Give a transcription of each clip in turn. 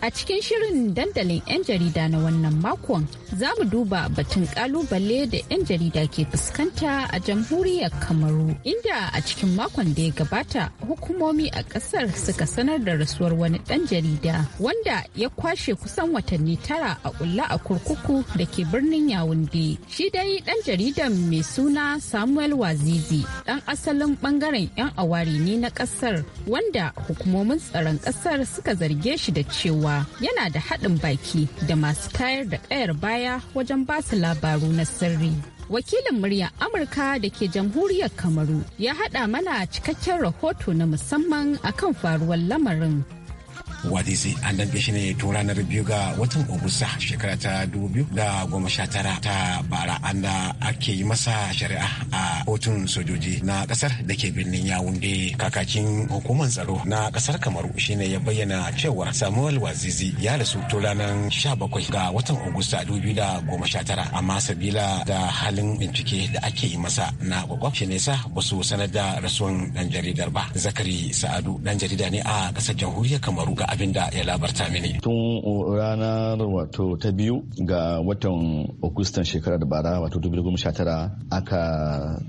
A cikin shirin dandalin 'yan jarida na wannan makon za mu duba batun kalubale da 'yan jarida ke fuskanta a jamhuriyar Kamaru inda a cikin makon da ya gabata hukumomi a kasar suka sanar da rasuwar wani dan jarida wanda ya kwashe kusan watanni tara a kulla a kurkuku da ke birnin Yawunde. Shi dai dan jaridan mai suna Samuel Wazizi dan asalin bangaren 'yan awari ne na kasar wanda hukumomin tsaron kasar suka zarge shi da cewa cewa yana da haɗin baki da masu tayar da ƙayar baya wajen basu labaru na sirri. wakilin muryar amurka da ke jamhuriyar kamaru ya haɗa mana cikakken rahoto na musamman akan faruwar lamarin wadisi an danke shi ne tun ranar biyu ga watan Agusta shekara ta dubu biyu da goma sha tara ta bara an da ake yi masa shari'a a kotun sojoji na kasar da ke birnin Yawunde kakakin hukumar tsaro na kasar Kamaru shine ya bayyana cewa Samuel Wazizi ya rasu tun ranar sha bakwai ga watan Agusta dubu biyu da goma sha tara amma sabila da halin bincike da ake yi masa na kwakwaf shi sa ba su sanar da rasuwan dan jaridar ba. Zakari Sa'adu dan jarida ne a kasar jamhuriyar Kamaru ga abin da ya labarta mini. Tun ranar wato ta biyu ga watan Agustan shekarar bara wato 2019 aka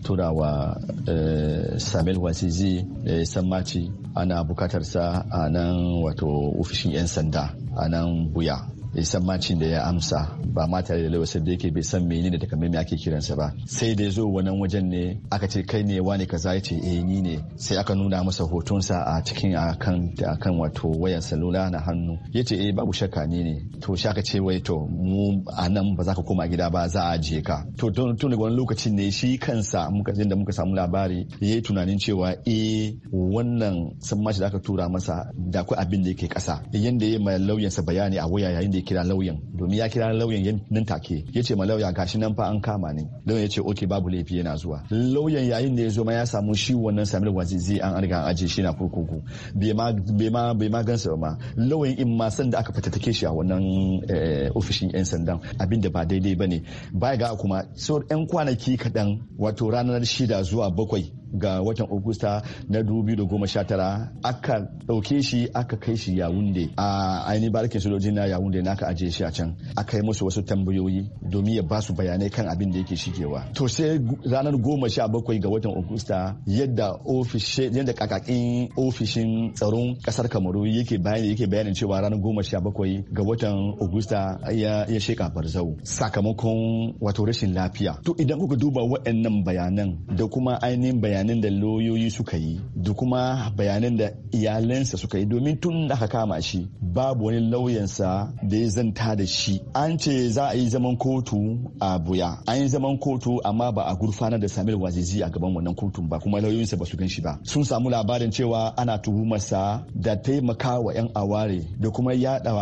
tura wa eh, Samuel Wasizi eh, Sammaci ana bukatarsa a nan wato ofishin 'yan sanda a nan buya ya san macin da ya amsa ba ma tare da lawasar da yake bai san menene da takamaimai ake kiransa ba sai da ya zo wannan wajen ne aka ce kai ne wane kaza ya ce eh ni ne sai aka nuna masa hoton sa a cikin akan akan wato wayar salula na hannu ya ce eh babu shakka ni ne to shi aka ce wai to mu a nan ba za ka koma gida ba za a je ka to tun daga wani lokacin ne shi kansa muka da muka samu labari ya yi tunanin cewa eh wannan macin da aka tura masa da akwai abin da yake kasa yanda ya yi lauyansa bayani a waya yayin da ya kira lauyan domin ya kira lauyan nan take ya ce ma lauya gashi nan fa an kama ne lauyan ya ce oke babu laifi yana zuwa lauyan yayin da ya zo ma ya samu shi wannan samir wazizi an riga an aje shi na kurkuku bai ma bai ma gansa ma lauyan in ma san da aka fatattake shi a wannan eh, ofishin yan sandan abin da ba daidai bane baya ga kuma sau yan kwanaki kaɗan wato ranar shida zuwa bakwai ga watan augusta na 2019 aka ɗauke shi aka kai shi Yawunde a ainihin barikin sojoji na Yawunde na aka aje shi a can aka yi musu wasu tambayoyi domin ya ba su bayanai kan abin da yake shigewa. To sai ranar goma sha bakwai ga watan augusta yadda ofishin yadda kakakin ofishin tsaron kasar Kamaru yake bayani yake bayanin cewa ranar goma sha bakwai ga watan augusta ya ya sheka barzau sakamakon wato rashin lafiya. To idan kuka duba waɗannan bayanan da kuma ainihin bayanan bayanin da lauyoyi suka yi da kuma bayanin da iyalansa suka yi domin tun da aka kama shi babu wani lauyansa da ya zanta da shi an ce za a yi zaman kotu a buya an yi zaman kotu amma ba a gurfanar da samir wazizi a gaban wannan kotun ba kuma lauyoyinsa ba su gan shi ba sun samu labarin cewa ana tuhumarsa da taimaka wa 'yan aware da kuma yada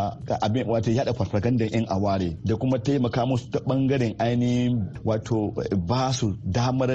wato yada 'yan aware da kuma taimaka musu ta bangaren ainihin wato ba su damar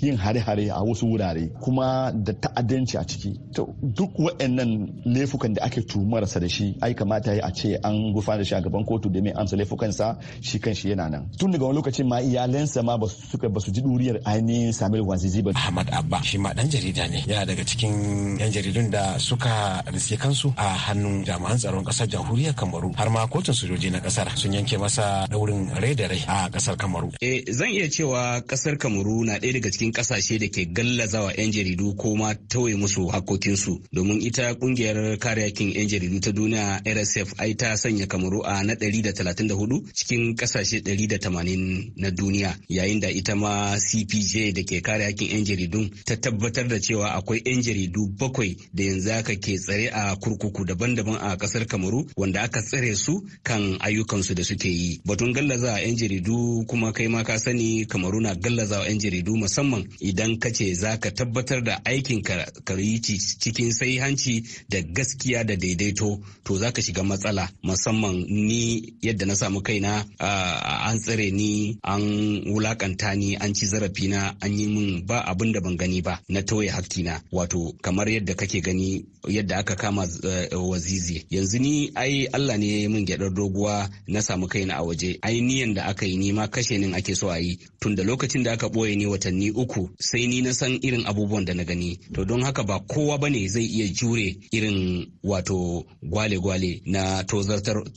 yin hare-hare a wasu wurare kuma da ta'addanci a ciki to duk waɗannan laifukan da ake tumarsa da shi ai kamata a ce an gufa da shi a gaban kotu domin amsa laifukansa shi kan shi yana nan tun daga wani lokacin ma iyalansa ma ba su suka ba su ji duriyar ainihin samir wazizi ba ahmad abba shi ma dan jarida ne yana daga cikin yan jaridun da suka riske kansu a hannun jami'an tsaron kasar jamhuriyar kamaru har ma kotun sojoji na kasar sun yanke masa daurin rai da rai a kasar kamaru eh zan iya cewa kasar kamaru na ɗaya daga cikin kasashe da ke gallazawa 'yan jaridu ko ma tauye musu hakokinsu domin ita kungiyar kare hakkin 'yan jaridu ta duniya rsf ai ta sanya kamaru a na 134 cikin kasashe 180 na duniya yayin da ita ma cpj da ke kare hakkin 'yan jaridun ta tabbatar da cewa akwai 'yan jaridu bakwai da yanzu aka ke tsare a kurkuku daban-daban a kasar kamaru wanda aka tsare su kan ayyukansu da suke yi batun gallaza 'yan jaridu kuma kai ma ka sani kamaru na gallaza 'yan jaridu musamman idan kace za ka tabbatar da aikin ka yi cikin sai hanci da gaskiya da daidaito to za ka shiga matsala musamman ni yadda na samu kaina an tsare ni an wulakanta ni an ci zarafina an yi min ba abin da ban gani ba na toye hakkina wato kamar yadda kake gani yadda aka kama eh, wazizi yanzu ni ai Allah ne min gyadar doguwa na samu kaina a waje ai niyan da aka yi ni ma kashe nin ake so a yi tun da lokacin da aka ɓoye ni watanni uku sai ni na san irin abubuwan da na gani to don haka ba kowa bane zai iya jure irin wato gwale-gwale na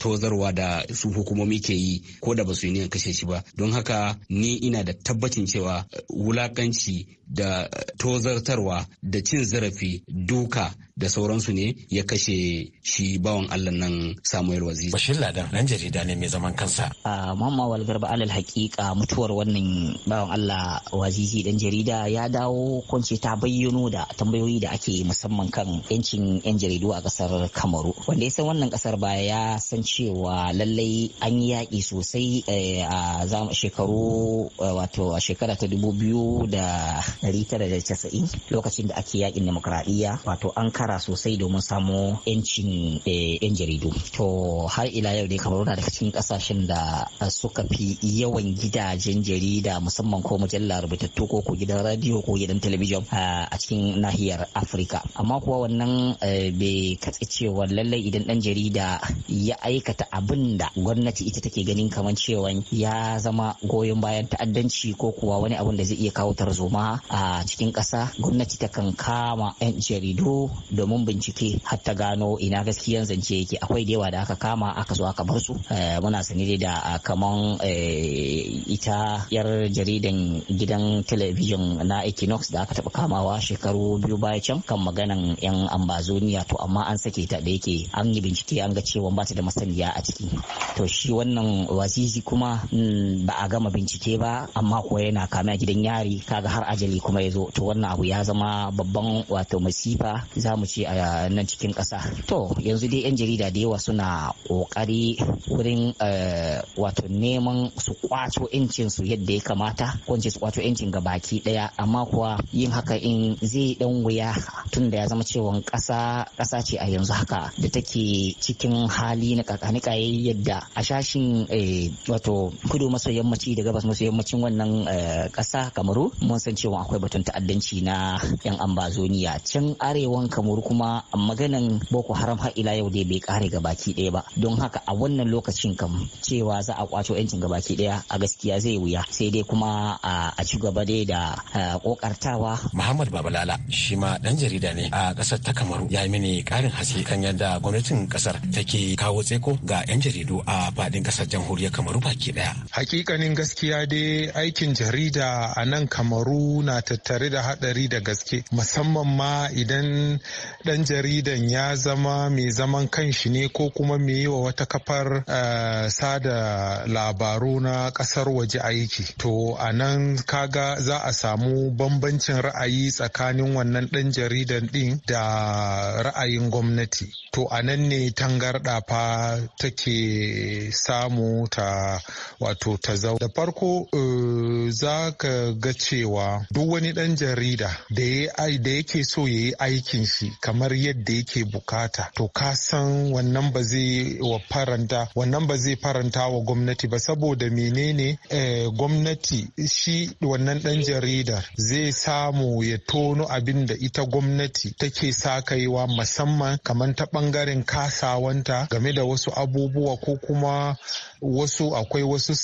tozarwa da su hukumomi ke yi ko da ba su yi niyan kashe shi ba don haka ni ina da tabbacin cewa wulakanci da tozartarwa da cin zarafi duka da sauransu ne ya kashe shi bawan Allah nan Samuel waziri. Bashir Ladan nan jarida ne mai zaman kansa. A mamma wal garba alal haƙiƙa mutuwar wannan bawan Allah waziri dan jarida ya dawo kwanci ta bayyano da tambayoyi da ake musamman kan yancin yan jaridu a kasar Kamaru. Wanda ya san wannan kasar baya ya san cewa lallai an yi yaƙi sosai eh, a shekaru eh, wato a shekara ta dubu biyu da ɗari tara da casa'in lokacin da ake yaƙin demokuraɗiyya wato an ka nasara sosai domin samo 'yancin eh, 'yan jaridu to har ila yau ne kamar daga cikin kasashen da eh, suka fi yawan gidajen jarida musamman ko mujallar rubutattu ko ko gidan radio ko gidan talabijin eh, a cikin nahiyar afirka amma kuwa wannan bai katse cewa lallai idan dan jarida ya aikata abin da gwamnati ita take ganin kamar cewa ya zama goyon bayan ta'addanci ko kuwa wani abin da zai iya kawo tarzoma a cikin ƙasa gwamnati takan kama 'yan jaridu domin bincike har ta gano ina gaskiyan zance yake akwai da yawa da aka kama aka zo aka bar su eh, muna sani dai da ah, kaman eh, ita yar jaridan gidan talabijin na equinox da aka taba kamawa shekaru biyu baya can kan maganan yan ambazoniya to amma an sake ta da yake an yi bincike an ga cewa ba ta da masaniya a ciki to shi wannan wazizi kuma mm, ba a gama bincike ba amma kuwa yana kama gidan yari kaga har ajali kuma ya zo to wannan abu ya zama babban wato masifa za mu mu ce a nan cikin ƙasa to yanzu dai 'yan jarida da yawa suna ƙoƙari wurin eh, wato neman su kwato 'yancin su yadda ya kamata ko su kwato 'yancin ga baki ɗaya amma kuwa yin haka in zai dan wuya tun da ya zama cewa ƙasa ƙasa ce a yanzu haka da take cikin hali na kakanikaye yadda a shashin eh, wato kudu maso yammaci da gabas maso yammacin wannan eh, ƙasa kamaru mun san cewa akwai batun ta'addanci na 'yan ambazoniya can arewan kamaru kamaru kuma maganan boko haram har ila yau dai bai kare ga baki daya ba don haka a wannan lokacin kam cewa za a kwato yancin baki daya a gaskiya zai wuya sai dai kuma a ci gaba dai da kokartawa muhammad babalala shi ma dan jarida ne a kasar ta kamaru ya mini karin haske kan yadda gwamnatin kasar take kawo tseko ga yan jaridu a faɗin kasar jamhuriyar kamaru baki ɗaya hakikanin gaskiya dai aikin jarida a nan kamaru na tattare da haɗari da gaske musamman ma idan dan jaridan ya zama mai zaman kanshi ne ko kuma mai yi wa wata kafar eh, sada labaru na kasar waje aiki to a nan kaga za a samu bambancin ra'ayi tsakanin wannan dan jaridan din da ra'ayin gwamnati to a nan ne tangar fa take samu ta wato ta zau da farko eh, za ka ga cewa duk wani ɗan jarida da yake so ya yi aikin shi kamar yadda yake bukata to ka san wannan ba zai wa faranta wannan ba zai faranta wa gwamnati ba saboda menene eh, gwamnati shi wannan dan jaridar zai samu ya tono abin da ita gwamnati take sakaiwa musamman kamar ta bangaren kasawanta game da wasu abubuwa ko kuma wasu akwai wasu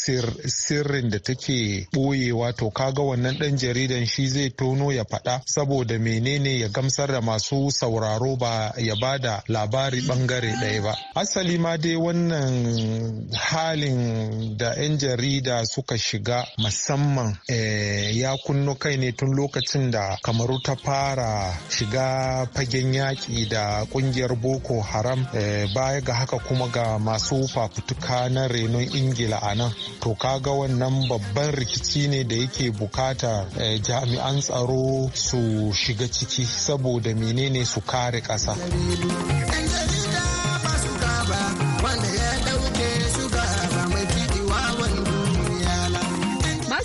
sirrin da take ɓoyewa to kaga wannan ɗan jaridan shi zai tono ya faɗa saboda menene ya gamsar da masu sauraro ba ya bada labari bangare ɗaya ba asali ma dai wannan halin da 'yan jarida suka shiga musamman eh, ya kunno kai ne tun lokacin da kamaru ta fara shiga fagen yaƙi da ƙungiyar boko haram eh, baya ga haka kuma ga masu fafutuka na renon ingila a nan to kaga wannan babban rikici ne da yake bukata eh, jami'an tsaro su shiga ciki saboda menene su kare ƙasa.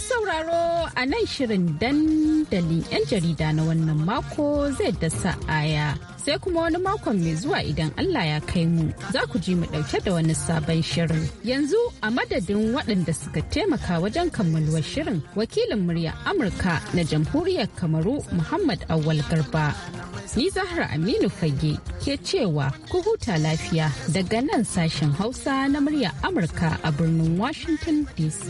sauraro a nan shirin dandalin 'yan jarida na wannan mako zai dasa aya sai kuma wani makon mai zuwa idan Allah ya kai mu za ku ji mu ɗauke da wani sabon shirin. Yanzu a madadin waɗanda suka taimaka wajen kammaluwar shirin wakilin murya Amurka na jamhuriyar Kamaru Muhammad Awal Garba. Ni Zahra Aminu Fage ke cewa ku huta lafiya daga nan sashen Hausa na murya Amurka a birnin Washington DC.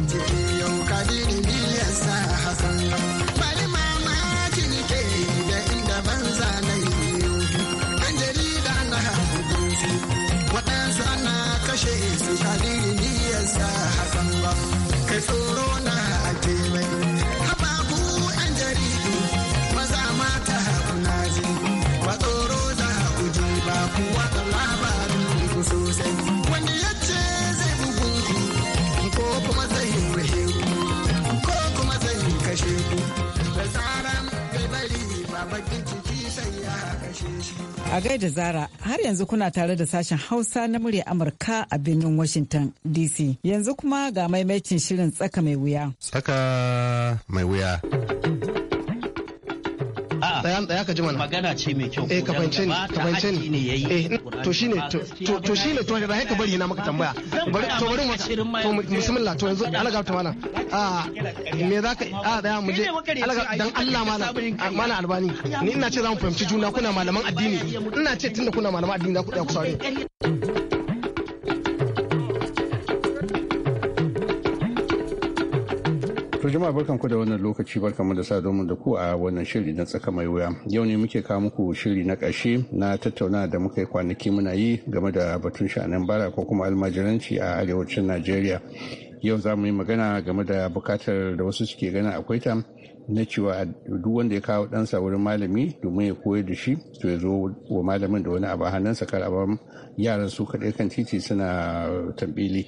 A gaida Zara har yanzu kuna tare da sashen Hausa na murya Amurka a birnin Washington DC. Yanzu kuma ga maimakin shirin tsaka mai wuya. Tsaka mai wuya. tsaya tsaya ka ji mana magana ce mai kyau eh ka fahimce ni ka fahimce ni eh to shine to shine to da ka bari na maka tambaya bari to bari mu to bismillah to yanzu alaga ta mana ah, a me zaka a ah, daya mu je alaga dan Allah mana ah, mana albani ni ina ce za mu fahimci juna kuna malaman addini ina ce tunda kuna malaman addini za ku tsaya ku saurare To jama'a ku da wannan lokaci mu da sa domin da ku a wannan shiri na tsaka mai wuya. Yau ne muke kawo muku shiri na ƙarshe na tattauna da muka yi kwanaki muna yi game da batun sha'anin bara ko kuma almajiranci a arewacin Najeriya. Yau za mu yi magana game da bukatar da wasu suke gana akwai ta na cewa duk wanda ya kawo ɗansa wurin malami domin ya koyar da shi to ya zo wa malamin da wani abu a hannunsa kar a yaran su kaɗai kan titi suna tambili.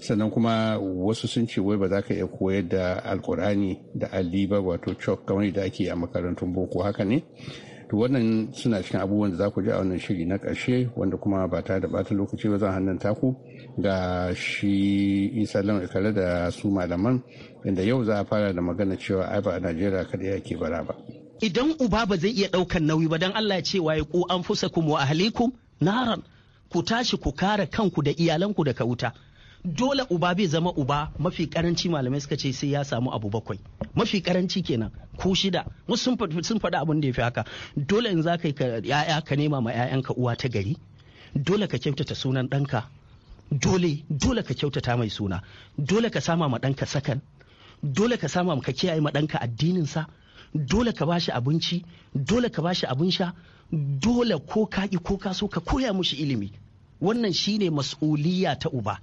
sannan kuma wasu sun ce wai ba za ka iya koyar da alkurani da ali ba wato chok kamar da ake a makarantun boko haka ne to wannan suna cikin abubuwan da za ku ji a wannan shiri na ƙarshe wanda kuma ba ta da bata lokaci ba zan hannun taku ga shi isa lan ikare da su malaman inda yau za a fara da magana cewa ai ba a najeriya kaɗai ake bara ba idan uba ba zai iya ɗaukan nauyi ba don allah ya ce waye ku an fusa kuma wa ahlikum naran ku tashi ku kare kanku da iyalanku daga wuta dole uba bai zama uba mafi karanci malamai suka ce sai ya samu abu bakwai mafi karanci kenan ko shida wasu sun faɗi abin da ya fi haka dole in za ka ya'ya ka nema ma 'ya'yanka uwa ta gari dole ka kyautata sunan ɗanka dole dole ka kyautata mai suna dole ka sama ma ɗanka sakan dole ka sama ka kiyaye ma ɗanka sa dole ka bashi abinci dole ka bashi abin sha dole ko ka ko ka so ka koya mushi ilimi wannan shine mas'uliya ta uba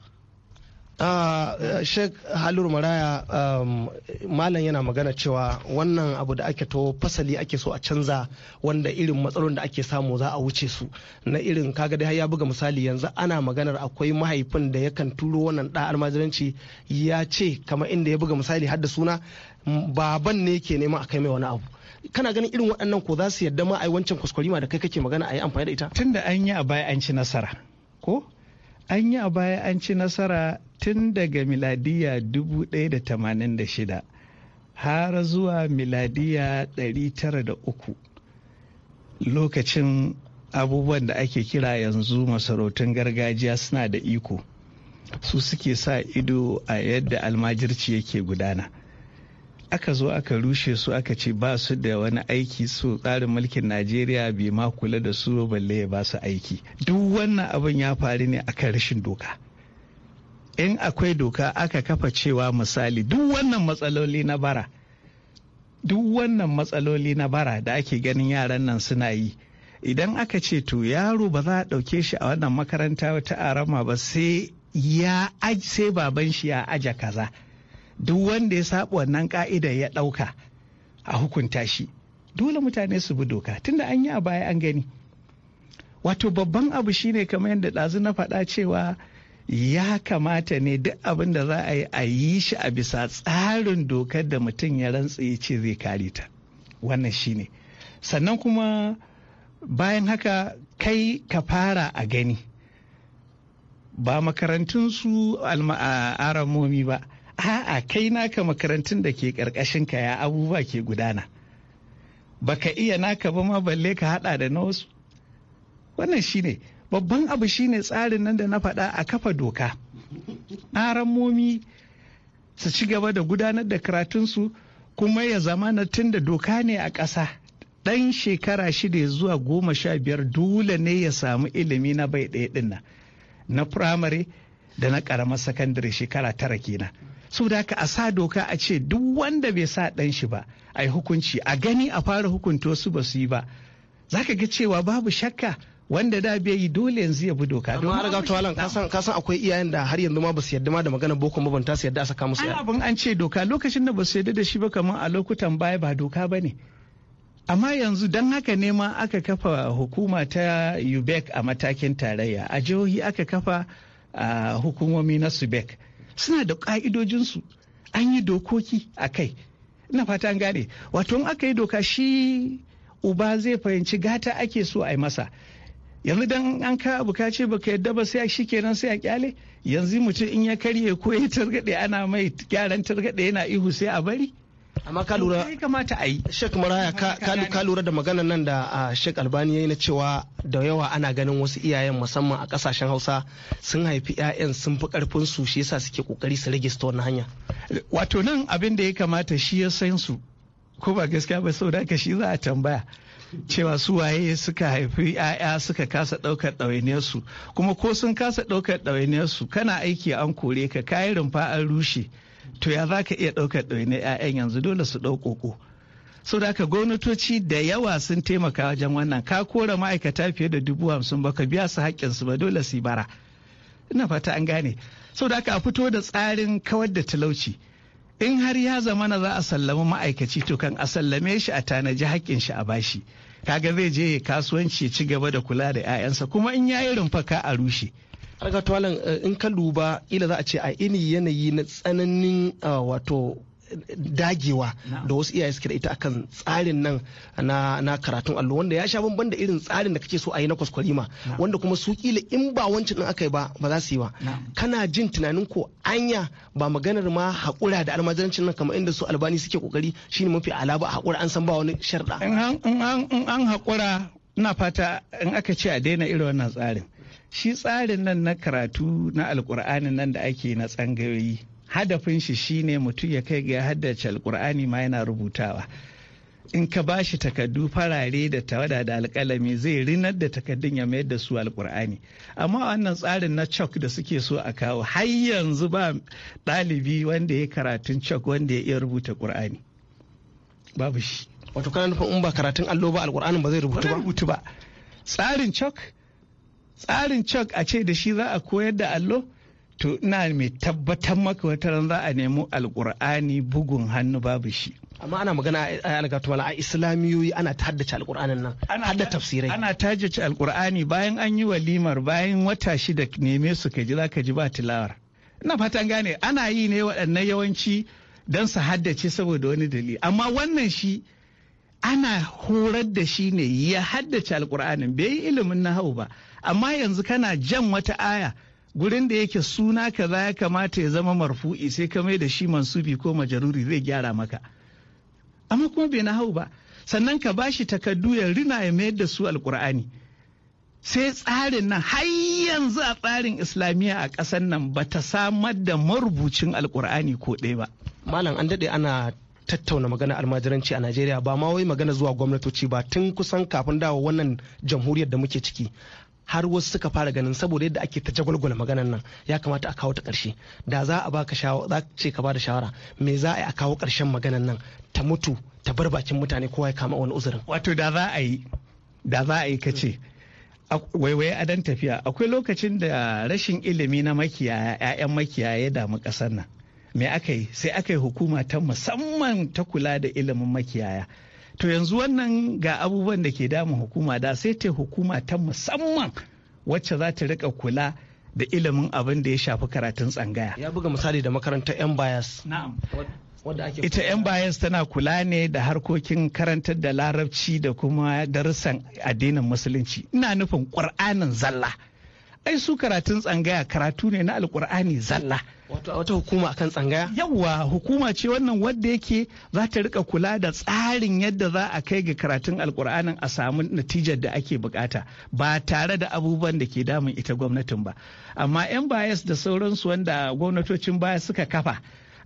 Ah, eh, Sheikh Halilu Maraya um, malam yana magana cewa wannan abu da ake to fasali ake so a canza wanda irin matsalolin da ake samu za a wuce su na irin kaga dai ya buga misali yanzu ana maganar akwai mahaifin da yakan turo wannan da almajiranci ya ce kamar inda ya buga misali har da suna baban ne ke neman a kai mai wani abu kana ganin irin waɗannan ko za su yadda ma ai wancan kuskure ma da kai kake magana a yi amfani da ita tunda an yi a baya an ci nasara ko an yi a baya an ci nasara tun daga miladiya 1086 har zuwa miladiya 903 lokacin abubuwan da ake kira yanzu masarautun gargajiya suna da iko su suke sa ido a yadda almajirci yake gudana aka zo aka rushe su aka ce ba su da wani aiki su tsarin mulkin najeriya bai ma kula da su balle ya ba su aiki duk wannan abin ya faru ne akan rashin doka in akwai doka aka kafa cewa misali duk wannan matsaloli na bara duk wannan matsaloli na bara da ake ganin yaran nan suna yi idan aka ce to yaro ba za a ɗauke shi a wannan makaranta ta arama ba sai sai baban shi ya aja kaza duk wanda ya saba wannan ka'ida ya ɗauka a hukunta shi dole mutane su bi doka tunda an yi a baya an gani wato babban abu shine kamar yadda ɗazu na faɗa cewa ya kamata ne duk abin da za a yi a yi shi a bisa tsarin dokar da mutum ya rantse ya ce zai kare ta wannan ne sannan kuma bayan haka kai ka fara a gani ba makarantun su aramomi ba a'a kai naka makarantun da ke karkashin ka ya abubuwa ke gudana baka iya naka ba ma balle ka hada da na wasu wannan shi ne. babban abu shine tsarin nan da na faɗa a kafa doka momi su ci gaba da gudanar da karatunsu kuma ya zama na tun da doka ne a ƙasa ɗan shekara shida zuwa goma sha biyar dole ne ya samu ilimi na bai ɗaya ɗin na Na firamare da na ƙaramar sakandare shekara tara kenan da ka a sa doka a ce duk wanda bai sa ɗan shi ba a yi hukunci a gani a fara hukunta su ba su yi ba za ka ga cewa babu shakka wanda da bai yi dole yanzu ya bi doka don har ga tawalan kasan kasan akwai iyayen da har yanzu ma ba yadda ma da magana boko ma su yadda a saka musu abin an ce doka lokacin da basu su yadda da shi ba kamar a lokutan baya ba doka bane amma yanzu dan haka ne ma aka kafa hukuma ta ubec a matakin tarayya a jihohi aka kafa hukumomi na subec suna da ka'idojinsu an yi dokoki a kai ina fata an gane wato in aka yi doka shi uba zai fahimci gata ake so a yi masa yanzu dan an ka abu ka ce baka yadda ba sai a shi kenan sai a kyale yanzu mutum in ya karye ko ya targade ana mai gyaran targade yana ihu sai a bari amma ka lura kamata a yi shek maraya ka lura da maganar nan da ah, shek albani ya yi na cewa da yawa ana ganin wasu iyayen musamman a kasashen hausa sun haifi 'ya'yan sun fi karfin su shi yasa suke kokari su rage su hanya wato nan abin da ya kamata shi ya san su ko ba gaskiya ba sau da shi za a tambaya cewa su waye suka haifi 'ya'ya suka kasa ɗaukar ɗawainiyarsu kuma ko sun kasa ɗaukar ɗawainiyarsu kana aiki an kore ka kayi rumfa an rushe to ya za ka iya ɗaukar ɗawainiyar 'ya'yan yanzu dole su ɗau ƙoƙo sau da ka gwamnatoci da yawa sun taimaka wajen wannan ka kora ma'aikata fiye da dubu hamsin ba ka biya su haƙƙinsu ba dole su bara ina fata an gane sau da ka fito da tsarin kawar da talauci in har ya zama na za a sallami ma'aikaci to kan a sallame shi a tanaji haƙƙin shi a bashi kaga zai je kasuwanci ci gaba da kula da 'ya'yansa kuma in yayi rumfaka a rushe harga tuwalan eh, in ka duba ila za a ce a ini yanayi na tsananin ah, wato dagewa da wasu iyaye suke da ita akan tsarin nan na karatun allo wanda ya sha bamban da irin tsarin da kake so a yi na kwaskwarima wanda kuma su kila in ba wancan din aka yi ba ba za su yi ba kana jin tunanin ko anya ba maganar ma hakura da almajirancin nan kamar inda su albani suke kokari shine mafi alaba a hakura an san ba wani sharda in an hakura ina fata in aka ce a daina irin wannan tsarin shi tsarin nan na karatu na alkur'ani nan da ake na tsangayoyi hadafin shi shine mutum ya kai ga haddace alkur'ani ma yana rubutawa in ka ba shi takardu farare da tawada da alkalami zai rinar da takardun ya mayar da su alkur'ani amma wannan tsarin na chalk da suke so a kawo har yanzu ba ɗalibi wanda ya karatun chalk wanda ya iya rubuta ƙur'ani. babu shi wato kana nufin in ba karatun allo ba alkur'anin ba zai rubutu ba rubutu ba tsarin chalk tsarin chalk a ce da shi za a koyar da allo to ina mai tabbatar maka wata ran za a nemo alkur'ani bugun hannu babu shi amma ana magana eh, a alkatuwala a islamiyoyi ana ta haddace alkur'anin nan ana hadda tafsirai ana ta haddace alkur'ani bayan an yi walimar bayan wata shida neme su ka ji zaka ji ba tilawar ina fatan gane ana yi ne waɗannan yawanci don su haddace saboda wani dalili amma wannan shi ana horar da shi ne ya haddace alkur'anin bai yi ilimin nahau ba amma yanzu kana jan wata aya gurin da yake suna kaza ya kamata ya zama marfu'i sai ka mai da shi mansubi ko majaruri zai gyara maka amma kuma bai na hau ba sannan ka bashi takardu ya rina ya mayar da su alkur'ani sai tsarin nan har yanzu a tsarin islamiyya a ƙasar nan ba ta samar da marubucin alkur'ani ko ɗaya ba malam an daɗe ana tattauna magana almajiranci a Najeriya ba ma wai magana zuwa gwamnatoci ba tun kusan kafin dawo wannan jamhuriyar da muke ciki har wasu suka fara ganin saboda yadda ake ta jagwalgwala maganan nan ya kamata a kawo ta ƙarshe da za a baka ce ka bada shawara me za a yi a kawo ƙarshen maganan nan ta mutu ta bar bakin mutane kowa ya kama wani uzurin wato da za a yi da za a yi ka kace waiwaye dan tafiya akwai lokacin da rashin ilimi na makiyaya 'ya'yan makiyaya ya damu ƙasar nan me aka yi sai aka yi hukuma ta musamman ta kula da ilimin makiyaya to yanzu wannan ga abubuwan da ke damun hukuma da sai ta hukuma ta musamman wacce za ta rika kula da ilimin abin da ya shafi karatun tsangaya ya buga misali da makarantar yan bayas ita yan bayas tana kula ne da harkokin karantar da larabci da kuma darussan addinin musulunci ina nufin ƙur'anin zalla ai su karatun tsangaya karatu ne na alkur'ani zalla wata hukuma akan tsangaya yawwa hukuma ce wannan wadda yake za ta rika kula da tsarin yadda za a kai ga karatun alkur'anin a samu natijar da ake bukata ba tare da abubuwan da ke damun ita gwamnatin ba amma yan bayas da sauransu wanda gwamnatocin baya suka kafa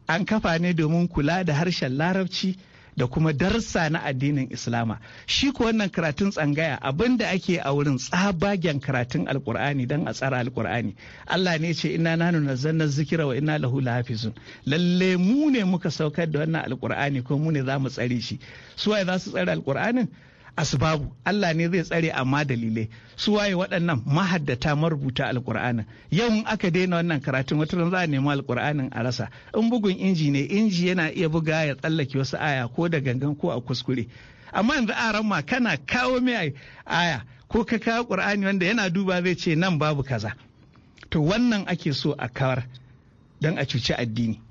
an kafa ne domin kula da harshen larabci da kuma darsa na addinin islama shi ko wannan karatun tsangaya abinda ake a wurin tsabagen karatun alkur'ani don a tsara alkur'ani allah ne ce ina nanu zanna zikira wa ina lahu lahafizun lalle mu ne muka saukar da wannan alkur'ani ko mu ne za mu tsare shi suwaye za su tsare alkur'anin asbabu Allah ne zai tsare amma dalilai su waye waɗannan mahaddata marubuta alƙur'anin yau in aka daina wannan karatun wata ran za a nemi alkur'anin a rasa in bugun inji ne inji yana iya buga ya tsallake wasu aya ko da gangan ko a kuskure amma yanzu aran ma kana kawo mai aya ko ka kawo ƙur'ani wanda yana duba zai ce nan babu kaza to wannan ake so a kawar don a cuci addini.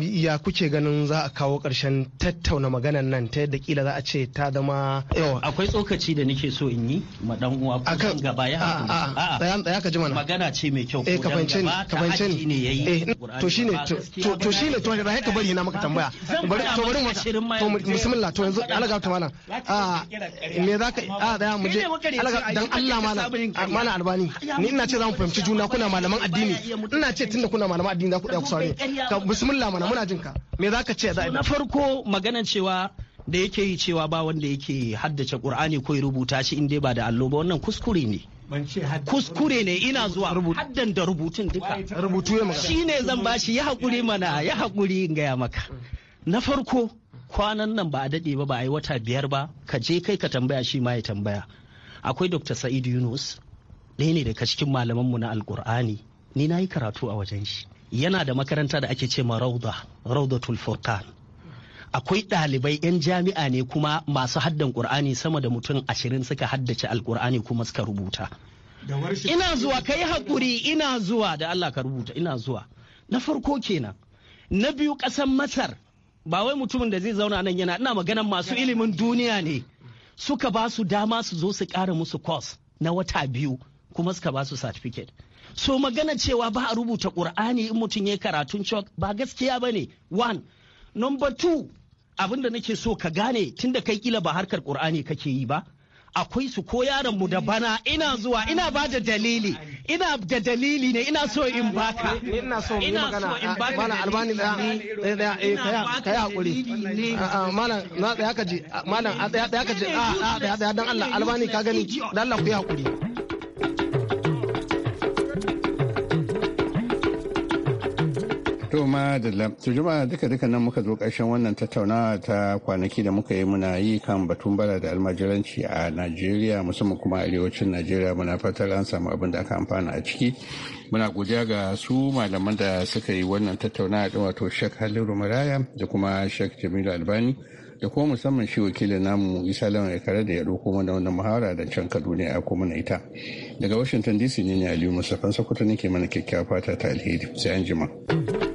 ya kuke ganin za a kawo ƙarshen tattauna maganan nan ta yadda kila za a ce ta zama akwai tsokaci da nake so in yi ma dan uwa kusan gaba ya a tsaya ka ji mana magana ce mai kyau eh kafancin eh, ne yayi to shine to shine to da ka bari na maka tambaya bari to bari mu to bismillah to yanzu alaga ta mana ah, a me za ka a ah, tsaya mu je alaga dan Allah mana mana albani ni ina ce za mu fahimci juna kuna malaman addini ina ce tunda kuna malaman addini za ku daya ku saurare bismillah mana muna jinka me za ka ce za na farko maganar cewa da yake yi cewa ba wanda yake haddace qur'ani ko ya rubuta shi in dai ba da allo ba wannan kuskure ne kuskure ne ina zuwa haddan da rubutun duka rubutu ya shi ne zan bashi ya haƙuri mana ya haƙuri in gaya maka na farko kwanan nan ba a daɗe ba ba a yi wata biyar ba ka je kai ka tambaya shi ma ya tambaya akwai dr sa'id yunus ɗaya ne daga cikin malamanmu na alƙur'ani ni na yi karatu a wajen shi yana da makaranta da ake ce ma rauda rauda tulfurkan akwai ɗalibai 'yan jami'a ne kuma masu haddan ƙur'ani sama da mutum ashirin suka haddace alƙur'ani kuma suka rubuta ina zuwa kai haƙuri ina zuwa da Allah ka rubuta ina zuwa na farko kenan na biyu ƙasan masar ba wai mutumin da zai zauna nan yana ina maganan masu ilimin duniya ne suka ba su dama su zo su ƙara musu kwas na wata biyu kuma suka ba su certificate so magana cewa ba a rubuta ƙur'ani in mutum ya karatun cewa ba gaskiya ba ne one number two abin da nake so ka gane tunda kai kila ba harkar ƙur'ani kake yi ba akwai su ko yaron mu da bana ina zuwa ina ba da dalili ina da dalili ne ina so in baka ina so in magana mana albani da da eh kaya hakuri mana ah, ah, na tsaya ka ji ah, mana a tsaya ka ji a a da dan Allah albani ka gani dan Allah ku yi hakuri To ma da to juma duka duka nan muka zo karshen wannan tattaunawa ta kwanaki da muka yi muna yi kan batun bala da almajiranci a Najeriya musamman kuma arewacin Najeriya muna fatar an samu abin da aka amfana a ciki. Muna godiya ga su malaman da suka yi wannan tattaunawa din wato Sheikh Halilu Maraya da kuma Sheikh Jamilu Albani da kuma musamman shi wakilin namu Isa Lawan Ekare da ya ɗauko mana wannan muhawara da can Kaduna ya kuma na ita. Daga Washington DC ne ne Aliyu Mustafa Sokoto nake mana kyakkyawa fata ta alheri sai an jima.